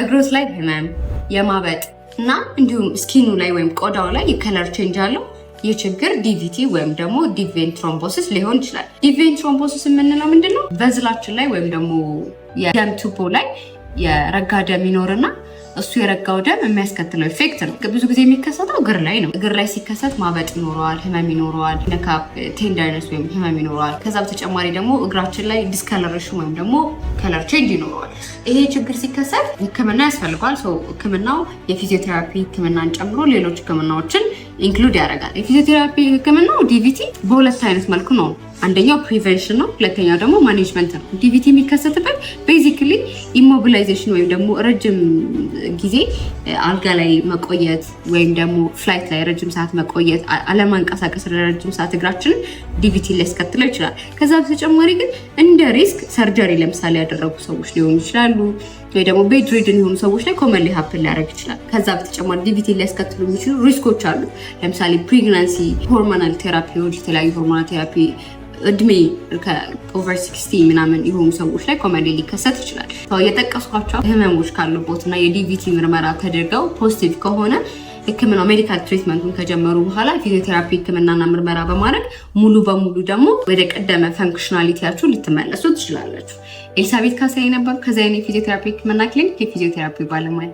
እግሮት ላይ ህመም፣ የማበጥ እና እንዲሁም ስኪኑ ላይ ወይም ቆዳው ላይ የከለር ቼንጅ አለው። ይህ ችግር ዲቪቲ ወይም ደግሞ ዲቬን ትሮምቦሲስ ሊሆን ይችላል። ዲቬን ትሮምቦሲስ የምንለው ምንድን ነው? በዝላችን ላይ ወይም ደግሞ የደም ቱቦ ላይ የረጋ ደም ይኖርና እሱ የረጋው ደም የሚያስከትለው ኢፌክት ነው። ብዙ ጊዜ የሚከሰተው እግር ላይ ነው። እግር ላይ ሲከሰት ማበጥ ይኖረዋል፣ ህመም ይኖረዋል፣ ነካ ቴንዳይነስ ወይም ህመም ይኖረዋል። ከዛ በተጨማሪ ደግሞ እግራችን ላይ ዲስከለሬሽን ወይም ደግሞ ከለር ቼንጅ ይኖረዋል። ይሄ ችግር ሲከሰት ህክምና ያስፈልገዋል። ሰው ህክምናው የፊዚዮቴራፒ ህክምናን ጨምሮ ሌሎች ህክምናዎችን ኢንክሉድ ያደርጋል። የፊዚዮቴራፒ ህክምናው ዲቪቲ በሁለት አይነት መልኩ ነው። አንደኛው ፕሪቨንሽን ነው፣ ሁለተኛው ደግሞ ማኔጅመንት ነው። ዲቪቲ የሚከሰትበት ኢሞቢላይዜሽን ወይም ደግሞ ረጅም ጊዜ አልጋ ላይ መቆየት ወይም ደግሞ ፍላይት ላይ ረጅም ሰዓት መቆየት፣ አለማንቀሳቀስ ለረጅም ሰዓት እግራችንን ዲቪቲ ሊያስከትለው ይችላል። ከዛ በተጨማሪ ግን እንደ ሪስክ ሰርጀሪ ለምሳሌ ያደረጉ ሰዎች ሊሆኑ ይችላሉ፣ ወይ ደግሞ ቤድሪድን የሆኑ ሰዎች ላይ ኮመን ሊሀፕን ሊያደርግ ይችላል። ከዛ በተጨማሪ ዲቪቲ ሊያስከትሉ የሚችሉ ሪስኮች አሉ። ለምሳሌ ፕሬግናንሲ፣ ሆርሞናል ቴራፒዎች፣ የተለያዩ ሆርሞናል ቴራፒ እድሜ ከኦቨር ሲክስቲ ምናምን የሆኑ ሰዎች ላይ ኮመዲ ሊከሰት ይችላል። የጠቀስኳቸው ህመሞች ካሉቦት እና የዲቪቲ ምርመራ ተደርገው ፖዚቲቭ ከሆነ ህክምና ሜዲካል ትሪትመንቱን ከጀመሩ በኋላ ፊዚዮቴራፒ ህክምናና ምርመራ በማድረግ ሙሉ በሙሉ ደግሞ ወደ ቀደመ ፈንክሽናሊቲያችሁ ልትመለሱ ትችላላችሁ። ኤልሳቤት ካሳዬ ነበር ከዛይን የፊዚዮቴራፒ ህክምና ክሊኒክ የፊዚዮቴራፒ ባለሙያ